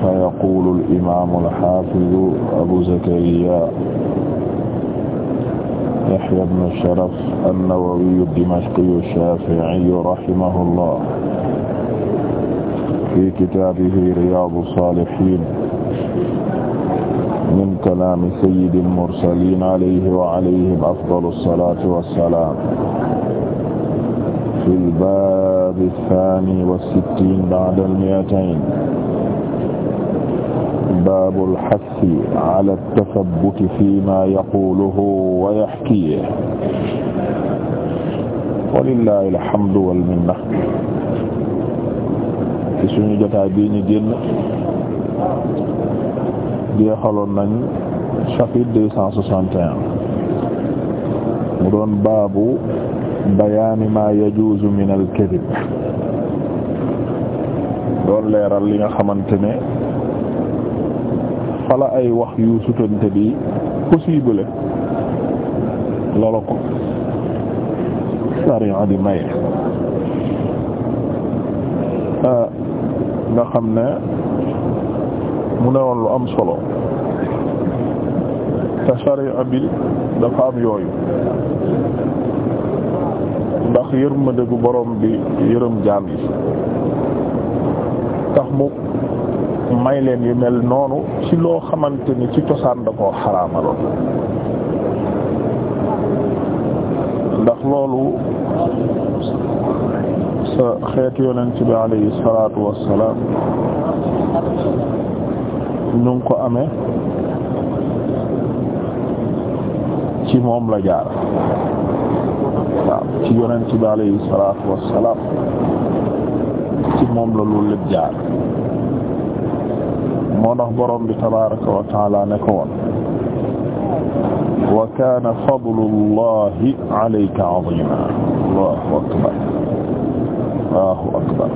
fa yaqulu al-imaam al-haafiz Abu Zakariya Yahya ibn Sharaf an-Nawawi ad-Dimashqi ash-Shaafi'i rahimahullah fi kitaabihi Riyaad as-Saalihiin min kalaami sayyidi al-mursaliin alayhi wa alayhim afdalu as-salaatu was-salaam fi al-baab ath-thaani wa sittiin ba'da al-mi'atayn baabul hassi ala tasabbuti fiimaa yaquluhu wa yahkiihi walillahi alhamdu wal minna ci suñu jotaay bii ñu génn jeexaloon nañ chapitre deux cent soixante et un mu doon baabu bayaani maa yajuuzu min al kadib doon leeral li nga xamante ne fala ay wax yu sutante bi possible loolu ko sariya di may ah, nga xam ne mu ne woon lu am solo te sariya bi dafa am yooyu ndax yërmande gu borom bi yërëm jaam yi tax mu may leen yu mel noonu ci loo xamante ni ci cosaan da koo xaraamaloon ndax loolu sa xeetu yonent bi alayhi salaatu wassalaam ñu ngi ko ame ci moom la jaar waaw ci yonent bi alayhi salaatu wassalaam ci moom la loolu lépp jaar moo tax borom bi tabaaraka wa taala ne ko woon wa kaana fadlullahi alayka azima allahu akbar allahu akbar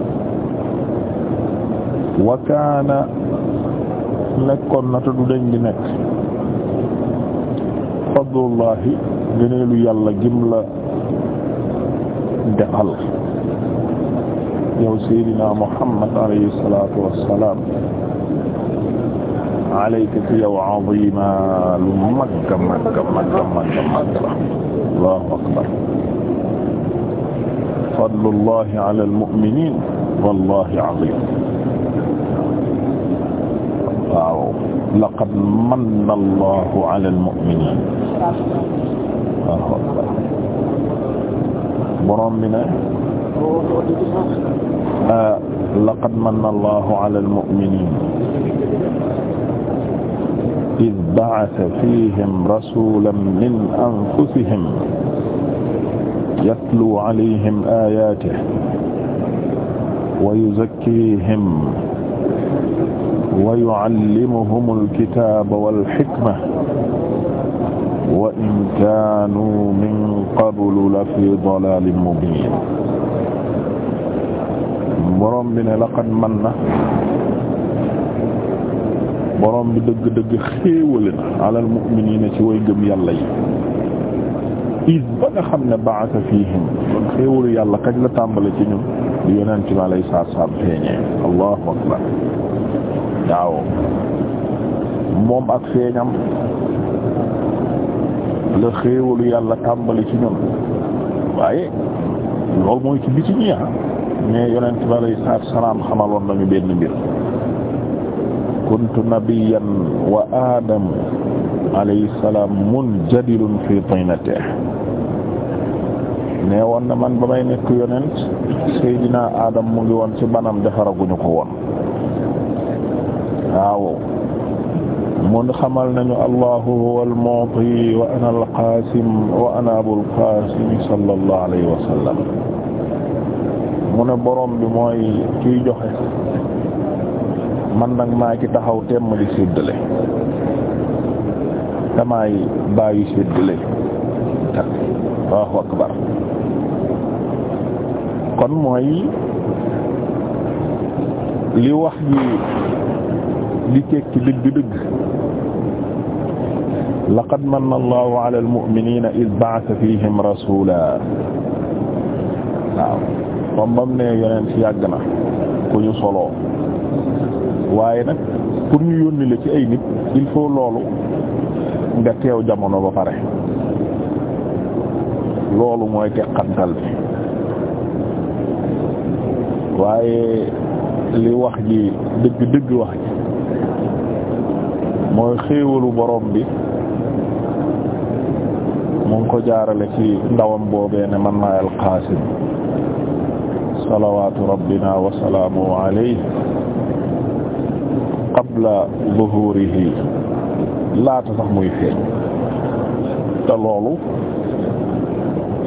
wa kaana nekkoon na te du deñ di nekk fadlullahi gëneelu yàlla gim la defal yow seydina muhammad alayhi salaatu wassalaam alayka ci yow azima lu magga magga magga magga magga la allahu akbar fadlullahi ala almu'minin wallahi azim waaw laqad manna allahu ala almu'minin allahu akbar borom bi ne laqad manna allahu ala almu'minin id ba'atha fihim rasulan min anfusihim yatluu alayhim ayaatihi wa yuzakkiihim wa yu'allimuhumul kitaaba wal hikmata wa in kaanuu min qablu lafii dalaalin mubiin borom bi ne laqad manna borom bi dëgg-dëgg xéewale na alal ci way gëm yàlla yi is ba nga xam ne ba'atha fiihim kon xéewalu yàlla kañ la tàmbali ci ñun di yonent bi alayhi salaam feeñee allahu akbar waaw moom ak feeñam la xéewalu yàlla tàmbali ci ñun waaye loolu mooy ci biti ñi ah. mais yonent bi alayhi salaam xamaloon nañu benn mbir kuntu nabiyyan wa Adam alayhi salaam munjadilun fi tinatihi nee woon na man ba may nekk yonent Seydina Adam mu ngi woon ci banam defaraguñu ko woon waaw mun xamal nañu Allahu huwal mu'ti wa ana al-qaasim wa ana abul qaasim sallallahu alayhi wa sallam mu ne borom bi mooy kiy joxe. man nag maa ci taxaw teem ma di séddale damaay akbar kon mooy li wax ji di tekki dëgg-dëgg laqad manna Allahu ala al-mu'minina id fihim rasula waaw moom bam ne yonent yàgg na ku waaye nag pour ñu yónni la ci ay nit il faut loolu nga teew jamono ba pare loolu mooy teqantal bi waaye li wax ji dëgg dëgg wax ji mooy xéewalu borom bi mu ko jaarale ci ndawam boobee ne man maay alqaasim salawaatu rabbina wa salaamu alayhi qabla zuhurihi laata sax muy feeñ te loolu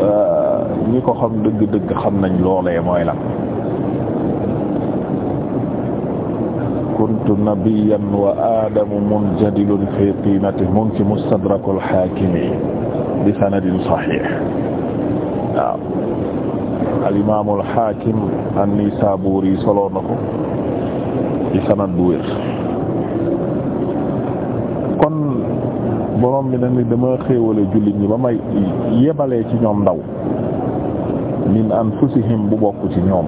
euh, ñi ko xam dëgg-dëgg xam nañ loolee mooy la kuntu nabiyyan wa aadamu munjadilun fi qiimatihi mun ci mustadrak al-haakimi bi sanadin sahiih waaw al-imaam al-haakim an-Naysaabuuri solo na ko ci sanad bu wér kon borom bi nag ni dama xéewale jullit ñi ba may yebalee ci ñoom ndaw min anfusihim bu bokk ci ñoom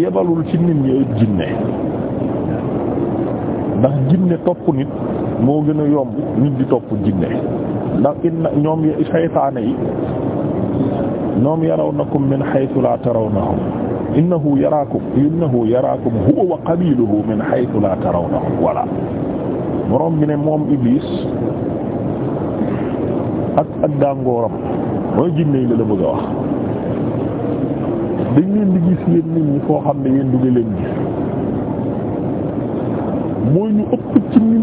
yebalul ci nit ñi ay jinne ndax jinne topp nit moo gën a yomb nit di topp jinne ndax inna ñoom saytaane yi ñoom yarawnakum min haythu la tarawnahum innahu yaraakum innahu yaraakum huwa wa qabiluhu min haythu la tarawnahum voilà borom bi ne moom Iblis ak ak gàngooram mooy jinne yi la la bëgg wax dañ leen di gis yéen nit ñi foo xam ne yéen du leen gis mooy ñu ëpp ci nit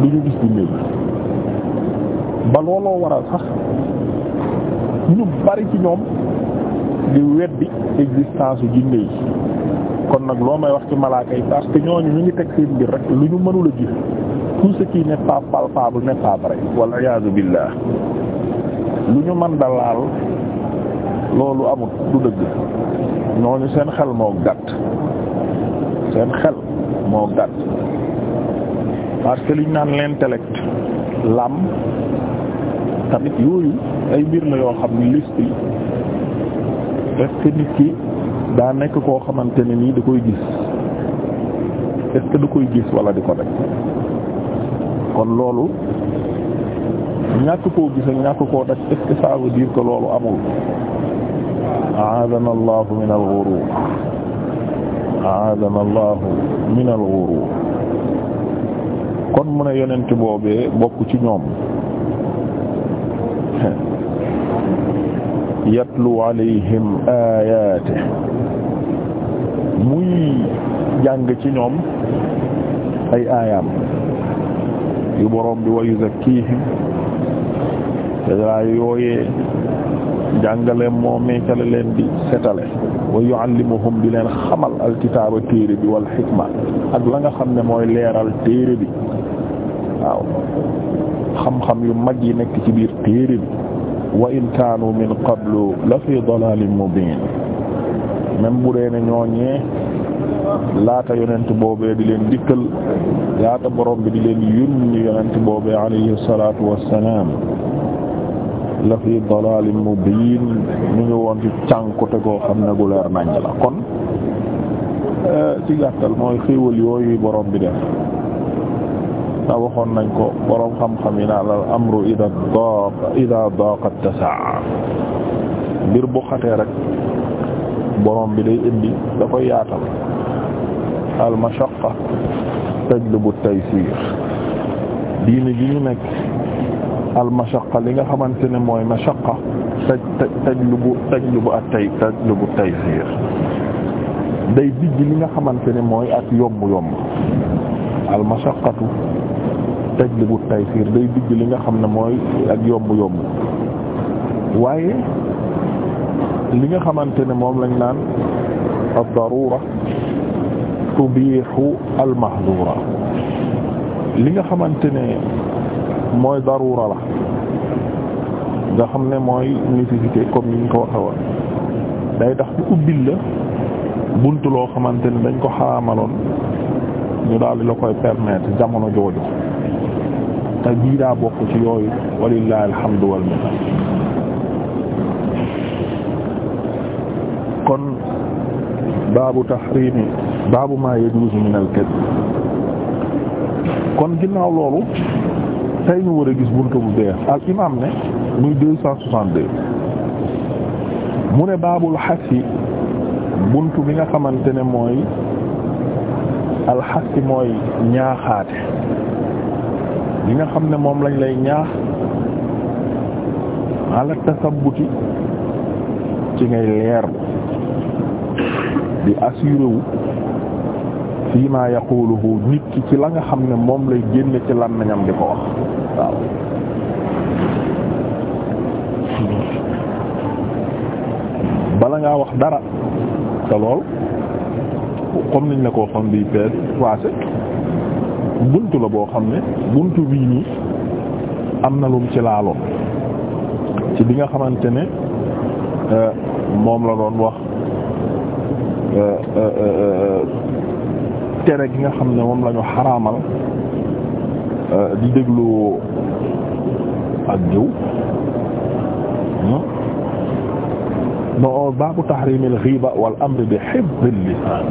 ñi duñu gis jinne yi ba looloo waral sax ñu bari ci ñoom. di weddi existence yu jinne yi kon nag loo may wax ci malaaka yi parce que ñooñu ñu ngi teg seen mbir rek lu ñu mënul a gis tout ce qui n'est pas palpable n'est pas iyaazu billah lu ñu mën da laal loolu amut du dëgg ñooñu seen xel moo gàtt seen xel moo gàtt parce que liñ naan l'intellect l'âme tamit yooyu ay mbir la yoo xam ni liste yi est-ce nit ki daa nekk koo xamante ne nii da koy gis est-ce que koy gis walla di ko def kon loolu ñàkk koo gis ak ñàkk koo def est-ce que ça veut loolu amul aadana allahu min al ghurur aadana allahu min al ghurur kon mu ne yonent boobee bokk ci ñoom yatlu alayhim ayaate muy jàng ci ñoom ay aayaam yu boroom bi wa yuzakkihim te laa yooyee jàngale moom meecale leen di setale wa yuallimuhum di leen xamal alkitaaba téere bi wal xikma ak la nga xam ne mooy leeral téere bi waaw xam-xam yu mag yi nekk ci biir téere bi wa in kaanu min qablu la fi dalalin mubin même bu dee ne ñooñee laata yonent boobee di leen dikkal laata borom bi di leen yónni yonent boobee alayhi salaatu wassalaam la fi dalalin mubin ñu ngi woon ci cànkute goo xam ne gu leer nañ la kon ci gàttal mooy xéewal yooyu borom bi def ta waxoon nañ ko boroom xam-xam yi naan al amru ida daqa ida daqa bu xatee rek boroom bi day indi da koy yaatal al mashaqqa tajlibu taysir diine gi ñu nekk al mashaqqa li nga xamante ne mooy mashaqqa taj tajlibu tajlibu at tay tajlibu taysir day digg li nga xamante ne mooy ak yomb yomb al mashaqqatu tajlibu taysiir day digg li nga xam ne mooy ak yomb yomb waaye li nga xamante ne moom lañ naan ad-daruura tubiihu al-mahduura li nga xamante ne mooy daruura la nga xam ne mooy nécessité comme ni ñu ko waxe woon day tax bu ubbil la bunt loo xamante ne dañ ko xaramaloon ñu daal di la koy permettre jamono jooju te jii daa bokk ci yooyu walillahi alhamdu wal minna kon baabu tahrimi baabu ma yajuzu min al kon ginnaaw loolu tey ñu war a gis buntu bu beer al imam ne muy deux mu ne baabul xasi buntu bi nga xamante ne mooy alxasi mooy ñaaxaate li nga xam ne moom lañ lay ñaax ala tasabbuti ci ngay leer di assuré wu fii nit ki ci la nga xam ne moom lay génne ci làmmiñam di ko wax waaw bala ngaa wax dara te lool comme niñ la ko waxoon bi pees passé buntu la boo xam ne buntu bii nii am na lum ci laalo ci bi nga xamante ne euh, moom la doon wax euh, euh, tere gi nga xam ne moom la ñu xaraamal di déglu ak jëw hmm? no baabu tahrimil ghiba wal amr bi hifdil lisaan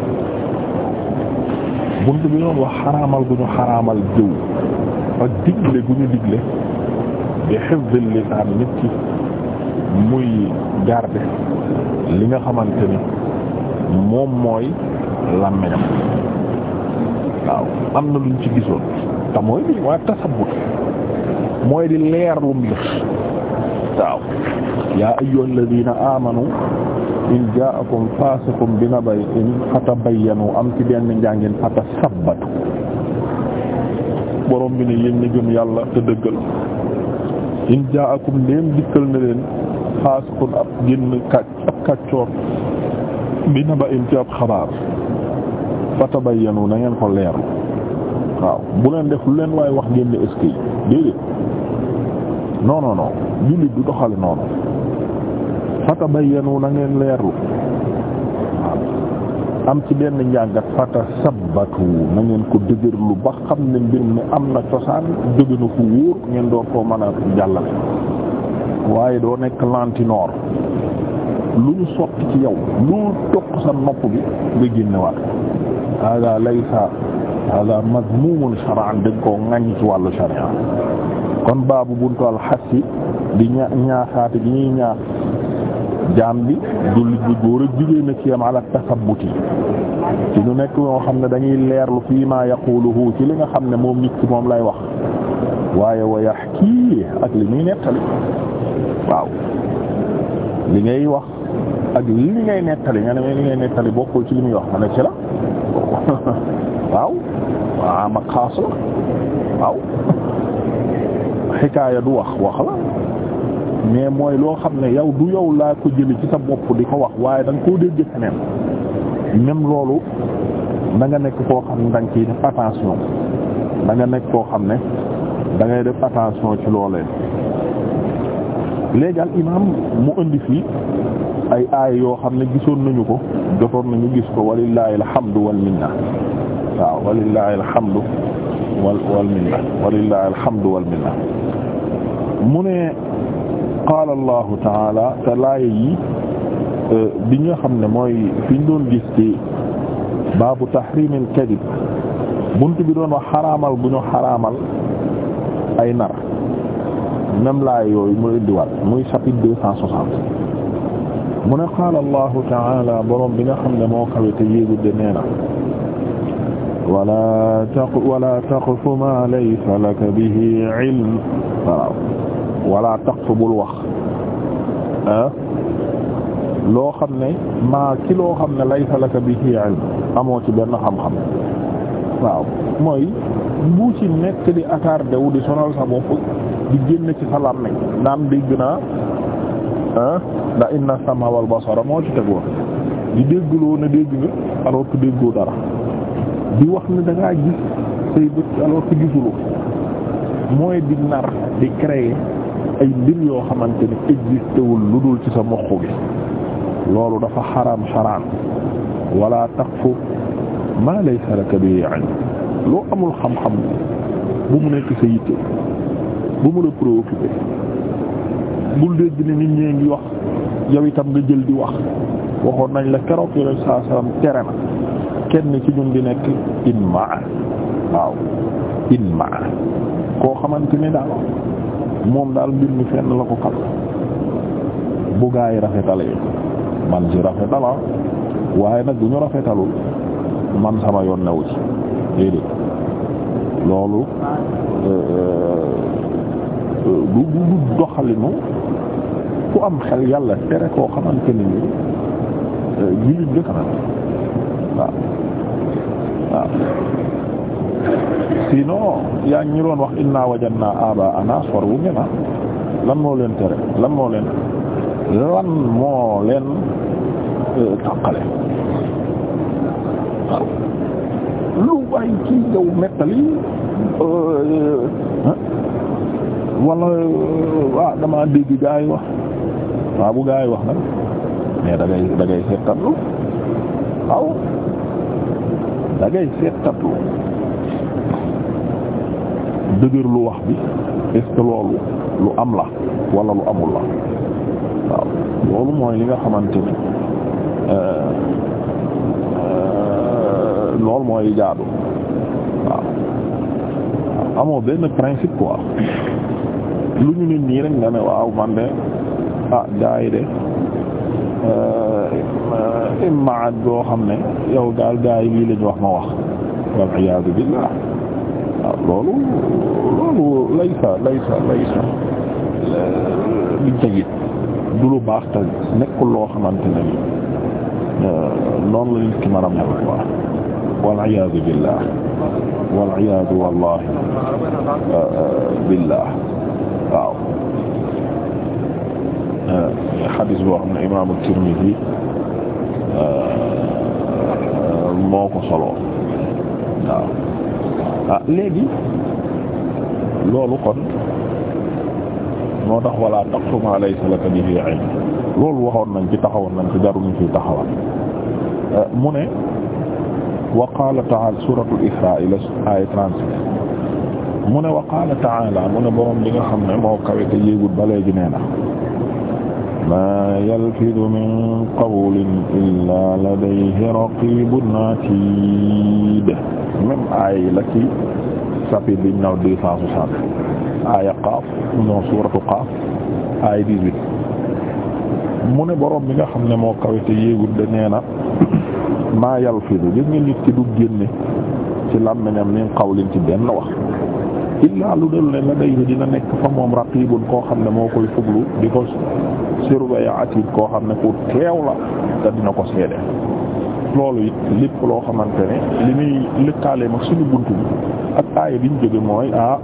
bunt bi doon wax xaraamal gu ñu xaraamal jëw ak digle gu ñu digle di hifzil lisaan nit ki muy garder li nga xamante ni moom mooy làmmiñam waaw am na luñ ci gisoon te mooy bi waa tasabbut mooy di leerlu mbir waaw yaa ayyuhal ladina amanu in ja'akum fasiqun bi naba'in fatabayyanu am ci benn njàngin fatasabbatu borom bi ne yéen ñi gëm yàlla te dëggal in ja'akum leen dikkal na leen fasiqun ab génn kàcc ab kàccoor bi naba'in ci ab xabaar fatabayyanu na ngeen ko leerlu waaw bu leen def lu leen waaye wax génn eskay déedéet non non non jullit du doxale noonu fatabayyanu na ngeen leerlu waaw am ci benn njàngat fata na ngeen ko dëgërlu ba xam ne mbir mi am na cosaan jóge na fu wóor ngeen door koo mën a jàllale waaye doo nekk lantinoor lu ñu sotti ci yow lu toq sa nopp bi nga génnewaat hada laysa hada madmumun shar'an dañ koo ŋaññ ci wàllu sharia kon baabu buntu al hassi di ña ñaaxaate di ñuy jaam bi jullit bi góor ak ala tasabbuti ci ñu nekk ñoo xam ne dañuy leerlu fii ma yaquluhu ci li nga xam ne moom nit ci moom lay wax waaye wa yahki ak li muy nettali waaw li ngay wax ak li ngay nettali nga ne li ngay nettali bokkul ci li muy wax ci la waaw ah, waaw du wax wax la mais mooy loo xam ne yow du yow laa ko jëli ci sa bopp di ko wax waaye danga nga koo dégg feneen même loolu da nga nekk koo xam ne da nga ciy def da nga nekk koo xam ne dangay ngay def ci loolee léegi al imaam mu indi fii ay aay yoo xam ne gisoon nañu ko jotoon nañu gis ko walillahi alhamdu wal minna waaw walillahi alhamdu wal wal minna walillahi alhamdu wal minna mu ne qaala allahu taala te laaya yi euh, bi nga xam ne mooy fi ñu doon gis ci baabu tahrim al kadib bunt bi doon wax xaraamal bu ñu xaraamal ay nar même laaya yooyu mu indiwaat muy chapitre deux cent soixante mu ne qaala allahu taala boroom bi nga xam ne moo kawe te yéegul de nee na wala taqfu ma laysa laka bihi ilm waaw wala taqf bul wax ah? loo xam ne maa ci xam ne laysa laka bihi ilm amoo ci benn xam-xam waaw mooy bu ci nekk di attardé wu di sonal sa bopp di génn ci sa làmmiñ naan dégg naa ah inna sama basara moo ci tegoon di déggloo na dégg nga alors déggoo dara di wax ne da gis say bët alors gisuloo mooy di nar di créer ay mbir yoo xamante ni existewul lu dul ci sa mokk gi loolu dafa xaram sharaan wala taqfu ma lay laka bihi ilm loo amul xam-xam bu mu nekk sa yitte bu mu la préoccupé bul dégg ne nit ñee ngi wax yow itam nga jël di wax waxoon nañ la keroog yore saa salaam tere na kenn ci ñun di nekk in maa waaw in koo xamante ni daal. moom daal mbir mi fenn la ko xal bu gaa yi rafetalee man si rafetala waaye nag bu ñu rafetalul man sama yoon newu ci loolu euh, euh, du du doxalinu ku am xel yàlla tere koo xamante ni euh, jullit waaw waaw sinon yaa ngi ñu wax inna wajanna aba ana for wu ngeen lan moo leen tere lan moo leen lan moo leen euh, tàqale waaw lu waay kii yow mettali euh, wala waaw euh, ah, damaa dégg gaa yi wax waaw bu gaa yi wax nag mais da ngay da ngay seet tablu waaw dëgër lu wax bi est que loolu lu am la walla lu amul la waaw loolu mooy li nga xamante ni euh, euh, loolu mooy jaadu waaw amoo benn principe quoi lu ñu ne nii rek nga ne waaw man de ah gaay de euh, imaat boo xam ne yow daal gaay lii lañu wax ma wax wal iyaadu billah loolu loolu laysa laysa laysa li jayit du baax te nekkul loo xamante ne ni euh, noonu la nit ki wal iyaadu billah wal iyaadu wallahi euh, billah waaw euh, xadis boo xam ne imaamu Tirmidi moo solo waaw ah léegi loolu kon moo tax wala taqfu ma laysa laka bihi ilm loolu waxoon nañ ci taxawoon nañ ci jaruñu ciy taxawal eh, mu ne wa qaala ta'aala suuratul Israa aaya 36 mu ne wa qaala ta'aala mu ne borom li nga xam ne moo kawe te yéegul ba léegi nee na maa yalfidu min qawlin illaa ladayhi raqiibun atiid même aay la ci chapitre bi ñu naan deux cent soixante aaya qaaf non suuratu qaaf aaya dix-huit mu ne borom bi nga xam ne moo kawe te yéegul de nee na maa yalfidu gis nga nit ki du génne ci làmmiñam min qawlin ci benn wax. illaa lu dul ne la day dina nekk fa moom raqibun koo xam ne moo koy fuglu di ko surveiller atid koo xam ne ku teew la te dina ko seede loolu it lépp loo xamante ne li muy lëkkaale mag suñu bunt bi ak aaya bi ñu jóge mooy ah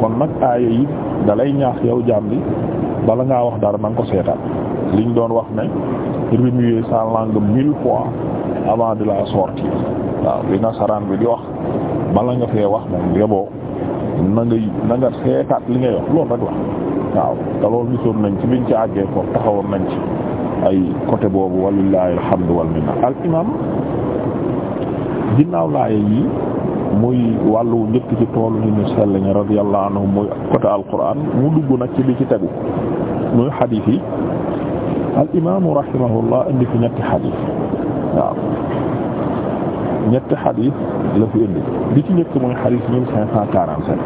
kon nag aaya yi dalay ñaax yow jaam bi bala ngaa wax dara na nga ko seetaan liñ doon wax ne remuer sa langue mille fois avant de la sortie waaw li nasaraan bi di wax bala nga fee wax moom yeboo na ngay na seetaat li ngay wax lool rek la waaw te loolu gisoon nañ ci liñ ci àggee ko taxawoon nañ ci ay côté boobu walillahi alhamdu wal minna al imam ginnaaw yi muy wàllu njëkk ci toolu ni ñu sell ñi radiyallahu anhum muy côté alquran mu dugg nag ci li ci tegu muy xadiis yi al imaamu rahimahullah indi fi ñetti xadiis waaw ñetti xadis la fi indi bi ci njëkk mooy xadis mille cinq cent quarante-sept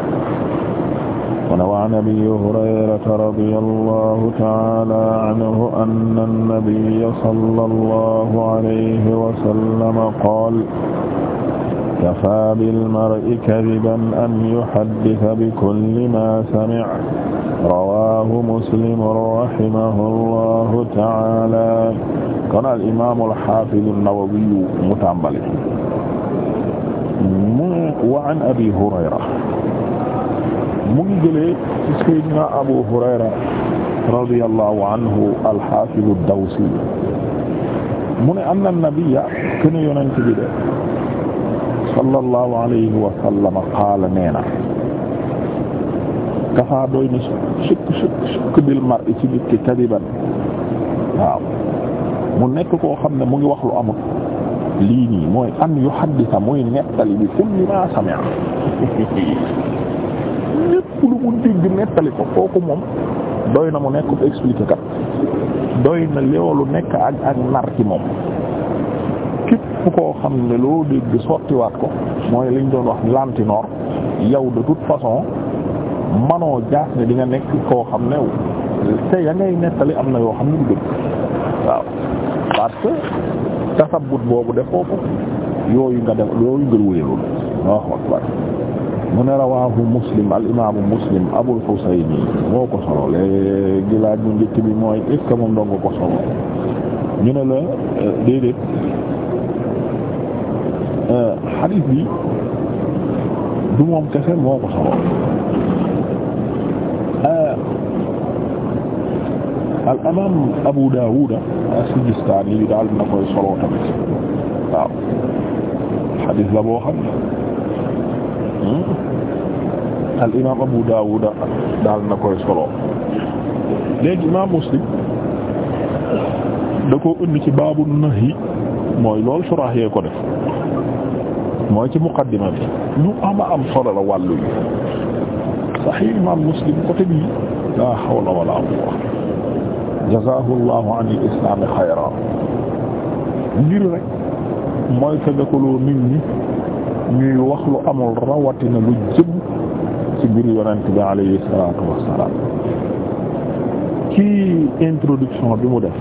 mu ne wa an abi hurayrata radiyallahu ta'ala anhu anna an-nabiyya sallallahu alayhi wa sallam qaala kafaa bil mar'i kadiban an yuhaddisa bi kulli ma sami'a rawaahu muslim rahimahullahu ta'ala kon al imaamu al haafidu an-Nawawi mu tàmbali mu wa an Abi Hurayra mu ngi jëlee ci Seydina Abu Hurayra radiyallahu anhu al-haafidu ad-Dawsi mu ne anna an-nabiyya kaana yonent bi de sallallahu alayhi wa sallam qaala nee na kafaa doy na sukk sukk sukk bil mar'i ci nit ki kadiban waaw mu nekk koo xam ne mu ngi wax lu amul lii nii mooy an yu haddisa muy nettali bi kulli ma sami'a lépp lu mu dégg nettali ko kooku moom doy na mu nekk bu expliqué kat doy na loolu nekk ak ak nar ci moom képp koo xam ne loo dégg sottiwaat ko mooy lañ doon wax lantinoor yow de toute façon manoo jaas ne di nga nekk koo xam ne te ya ngay nettali am na yoo xam ne du dëgg waaw parce que tasabut boobu defoo ko yooyu nga def yooyu ngër wéerul Allahu akbar mu ne rawahu muslim al muslim abul husayni moo ko solo léegi mu njëkk bi mooy est-ce ko solo ñu ne la euh, déedéet xadiis euh, bi du moom kese moo ko solo al imaam Abu Daawud as-Sijistaani daal na koy solo tamit waaw la boo xam ne hmm? al imaam Abu Daawud daal na koy solo léegi imaam Muslim da koo indi ci baabu nahyi mooy lool surah yee ko def mooy ci muqaddima bi lu ama solo la wàllu yi sahih Muslim côté bi la hawla wala jazaahu llahu an il islaami ngir rek mooy tëddakaloo nit ñi ñuy wax lu amul rawatina lu jëm ci mbir yonent bi alayhi salaatu wassalaam ci introduction bi mu def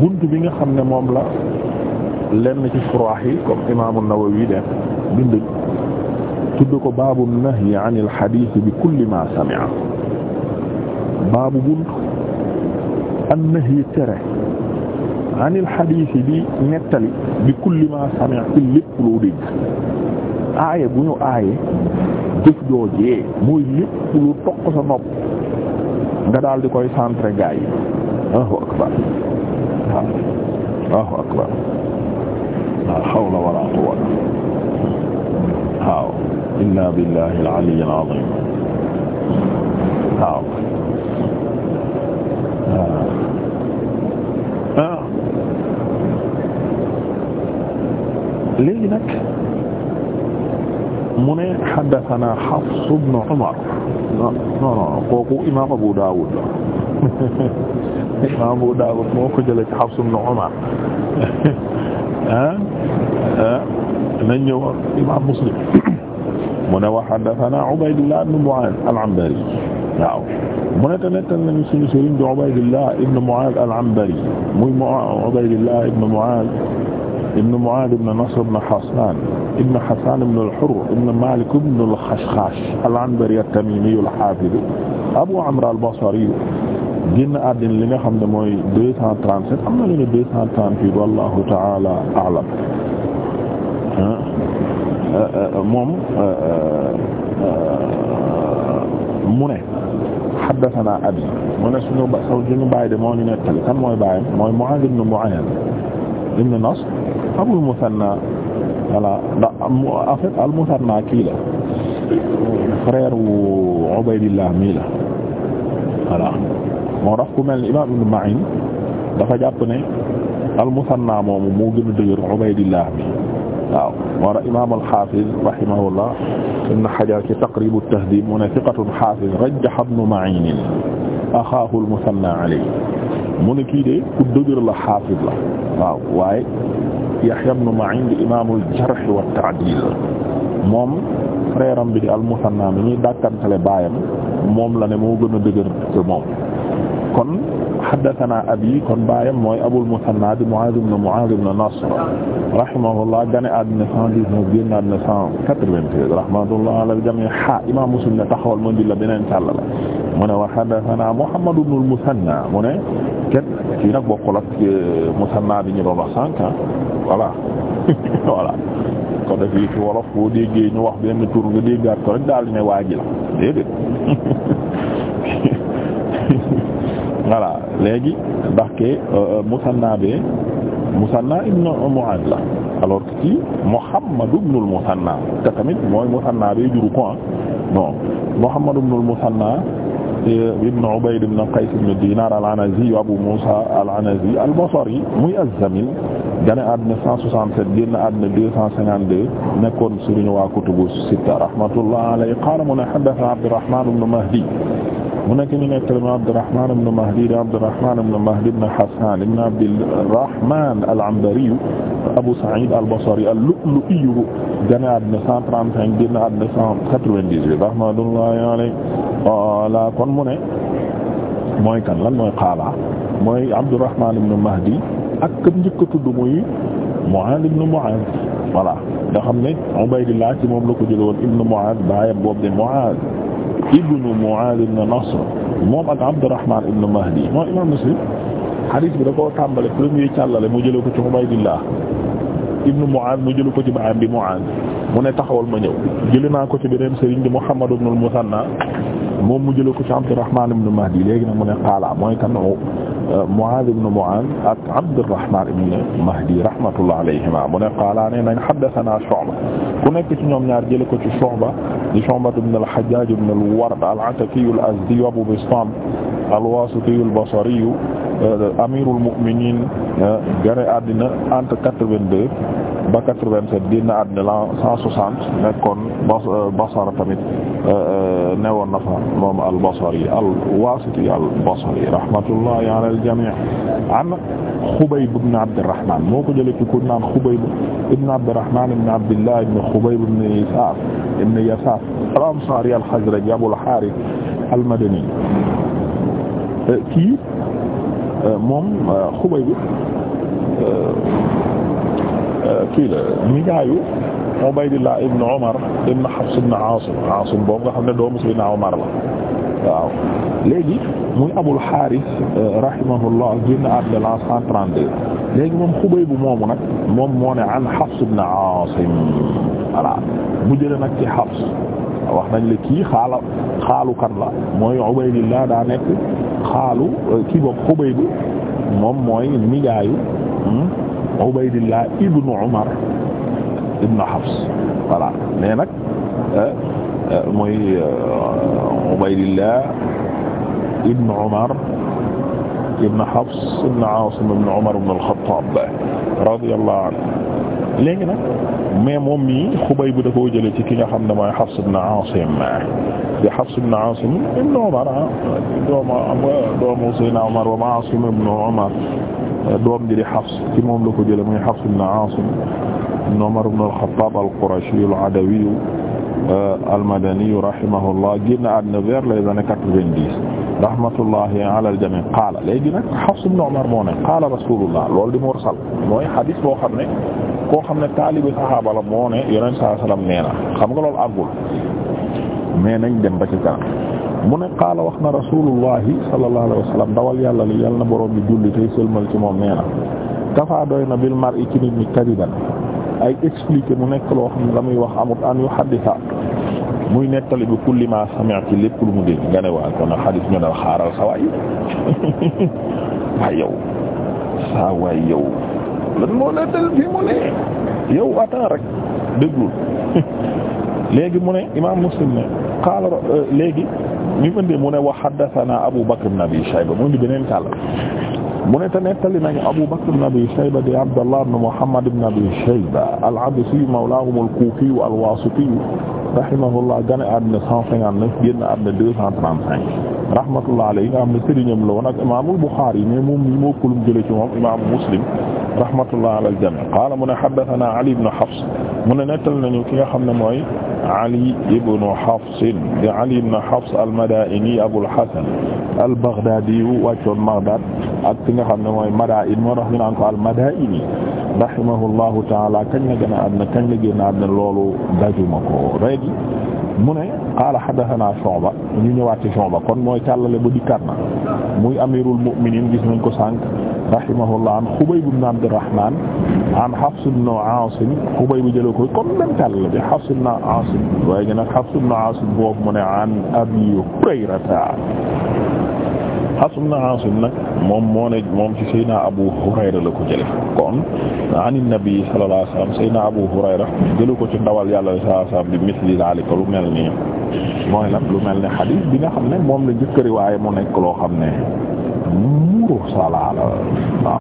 bunt bi nga xam ne moom la lenn ci furaax yi comme imaamu Nawawi def bind tudd ko baabu nahyi an al xadiis bi kulli ma sami'a baabu bunt annahyi tere anil xadiisi bi nettali bi kulli ma sami' ci lépp loo dégg aaye bu ñu aaye jëf joojee mooy lépp lu toq sa nopp nga daal di koy centre gaa yi Allahu akbar waaw Allahu akbar la hawla wala quwwata waaw illa billahi al-ali al-azim waaw léegi nag mu ne haddathana Hafs ibn Umar non non non kooku imaam Abu Dawud la imaam Abu Dawud moo ko jëlee ci Hafs ibn Umar ah ah nañ ñëw imaam Muslim mu ne wa haddathana Ubaydullah ibn Mu'adh al-Anbari waaw mu ne te nettal nañu suñu sëriñ di Ubaydullah ibn Mu'adh al-Anbari muy Ubaydullah ibn Mu'adh ibn Mu'aad ibn Nasr ibn Hassan ibn Hassan ibn al-Hurr ibn Maalik ibn al-Khashkhaash al-Anbari at-Tamiimi al-Haafiz Abu Amr al-Basri génn àddina li nga xam ne mooy deux cent trente-sept am na lu ne deux cent trente-huit wallaahu ta'aala a'lam moom mu ne haddathanaa abii mu ne suñu ba suñu baay de moo ñu nettali kan mooy baayam mooy Mu'aad ibn Mu'aaz ibn Nasr abul Musanna voilà ndax en fait al Musanna kii la frère wu Ubaydillah mii la voilà moo tax ku mel ni imaam Ibn Ma'in dafa jàpp ne al Musanna moomu moo gën a dëgër Ubaydillah mi waaw moo tax imaam al-Hafiz rahimahullah Ibn Hajar ci Taqrib at-Tahdhib mu ne thiqatun hafiz rajjaha Ibn Ma'in axaahu al-Musanna alayhi mu ne kii de ku dëgër la xaafid la waaw waaye Yahya ibn Ma'in di imaamul jarh wa ta'dil moom frère am bi di al-Musanna mi ñuy dàkkantale baayam moom la ne moo gën a dëgër te moom kon haddathana abi kon baayam mooy Abul Musanna di Mu'adh ibn Mu'adh ibn Nasr rahimahullah gane àddina 119 génn àddina 193 rahmatullah ala al-jami' ha imaam Muslim ne taxawal moo di la beneen sàll la mu ne wa haddathana Muhammad ibn musanna mu ne kenn kii nag bokkul ak euh, Musanna bi ñu doon wax sànq voilà voilà ko def yi wolof boo déggee ñu wax benn tur nga déggaat ko rek daal ne waa ji la léegi ndax ke euh, Musanna bi Musanna ibn Mu'adh Muhammad ibn musanna ibn Ubayd ibn Qays ibn Dinar al-Anazi Abu Musa al-Anazi al-Basri muy az-Zamil gane àddina 167 génn àddina 252 nekkoon sëriñ waa kutubu sitta rahmatullah alayhi qaala mu ne haddatha Abdurrahman ibn Mahdi mu nekk ñu nettali ma Abdurrahman ibn Mahdi di Abdurrahman ibn Mahdi ibn Hassan ibn Abdirrahman al-Anbari Abu Sa'id al-Basri al-Lu'lu'i gane àddina 135 génn àddina 198 rahmatullahi alayhi voilà kon mu ne mooy kan lan mooy xaala mooy Abdurrahman ibn Mahdi ak këm njëkk a tudd muy Mu'aad ibn Mu'aad voilà nga xam ne Ubaydillah ci moom la ko jëlee woon ibn Mu'aad baayam boobu de Mu'aad ibn Nasr moom ak Abdurrahman ibn Mahdi mooy imaam Muslim hadith bi da koo tàmbale premier càllale mu jëlee ko ci Ubaydillah ibn Mu'aad mu jëlu ko ci baayam bi Mu'aad mu ne taxawal ma ñëw jëli naa ko ci beneen sëriñ di Muhammad ibn al-Musanna moom mu jëlee ko ci Abdurrahman ibn Mahdi léegi nag mu ne qaala mooy kan oh, Muaaz ibn Mu'aaz ak Abdurrahman ibn Mahdi rahmatullah alayhima mu ne qaala ne nañ haddathana Shu'ba ku nekk ci ñoom ñaar jëlee ko ci Shu'ba di Shu'ba ibn al-Hajjaj ibn al-Ward al-Ataki al-Azdi Abu Bistam al-Wasiti al-Basri euh, amirul mu'minin euh, gane àddina entre quatre-vingt-deux ba quatre-vingt-sept dina àddina la cent soixante nekkoon euh, Basra tamit newoon na fa moom al-Basri al-Wasiti al-Basri rahmatullahi ala al-jami' an Xubayb ibn Abdirrahman moo ko jëlee ci ku naan Xubayb ibn Abdirrahman ibn Abdillah ibn Xubayb ibn Isaaf ibn Yasaaf al-Ansaari al-Xazraji Abul Haaris al-Madani kii moom Xubayb kii la Ubaydillah ibn Umar ibn Hafs ibn Asim Asim boobu nga xam ne doomu Seydina Umar la waaw léegi muy Abul Haaris euh, rahimahullah génn àddina la 132 léegi moom Xubayb moomu nag moom moo ne an Hafs ibn Asim voilà bu jëlee nag ci Hafs wax nañ la kii xaala xaalu kan la mooy Ubaydillah daa nekk xaalu euh, kii boobu Xubayb moom mooy nijaayu hmm, Ubaydillah ibn Umar ibn Hafs voilà mais nag euh, euh, mooy euh, Ubaydillah ibn Umar ibn Hafs ibn Asim ibn Umar ibn al-Khattab radiyallahu anhu léegi nag mais moom mii Xubayb bu da koo jëlee ci ki nga xam ne mooy Hafs ibn Asim di Hafs ibn Asim ibn Umar ah, doomu doomu Seydina Umar wa Asim ibn Umar doom ji di Hafs ci moom la ko jëlee muy Hafs ibn Asim ibn Umar ibn al-Khattab al-Qurashi al-Adawi euh, al-Madani rahimahullah génn àddina vers les années quatre-vingt-dix rahmatullahi ala al-jami' qaala léegi nag Hafs ibn Umar moo ne qaala Rasulullah loolu di mursal mooy hadith boo xam ne koo xam ne taalibi saxaaba la moo ne Yonent sallallahu alayhi wasallam nee na xam nga loolu àggul mais nañ dem ba ci kanam mu ne qaala wax na rasulullahi sallallahu alayhi wa sallam dawal yàlla li yàlla na borom bi julli tey sëlmal ci moom nee na kafaa doy na bil mar'i ci nit ñi kadiban ay expliquer mu nekk loo xam ne la muy wax amut an yu xaddisa muy nettali bi kulli ma sami'a ci lépp lu mu dégg nga ne waa kon xadis ñu dal xaaral sa waay waay yow saa waay yow lan moo la dal fii mu ne yow attends rek déglul léegi mu ne imaam muslim ne qaala euh, léegi mi mu indee mu ne wa haddathana Abu Bakr ibn Abi Shayba mu indi beneen kàlla mu ne te nettali nañu Abu Bakr ibn Abi Shayba di Abdallah ibn Muhammad ibn Abi Shayba al-Absi mawlaahum al-Kufi al-Wasiti rahimahullah gane àddina 159 génn àddina 235 rahmatullah alayhi nga xam ne sëriñam la woon ak imaamul Buxaari mais moom mii moo ko jëlee ci moom imaamu Muslim rahmatullah ala al-jamii' qaala mu ne haddathanaa Ali ibn Hafs mu ne nettali nañu ki nga xam ne mooy Ali ibn Hafs di Ali ibn Hafs al-Madaini Abul Hasan al-Baghdadi wàccoon Baghdad ak ki nga xam ne mooy Madain moo tax ñu naan ko al-Madaini rahimahullahu ta'ala kañ la gën a àdduna kañ la génn àdduna loolu dajuma ko léegi mu ne qaala haddathana Shu'ba ñu ñëwaat ci Shu'ba kon mooy tallale ba dikkaat na muy amirul mu'minin gis nañ ko sànq. rahimahullah an Xubayb ibn Abdurrahman an Hafs ibn Aasim Xubayb jëlee ko comme même tàll bi Hafs ibn Aasim waaye ñu nag Hafs ibn Aasim boobu mu ne an Abi Hurayrata Hafs ibn Aasim nag moom moo ne moom ci Seydina Abu Hurayra la ko jëlee kon an Nabi sallallahu alayhi wa sallam Seydina Abu Hurayra jëlee ko ci ndawal Yàlla sallallahu alayhi wa sallam bi misli daalika lu mel nii mooy nag lu mel ne xadiis bi nga xam ne moom la njëkk riwaaya mu nekk loo xam ne. muuru salaala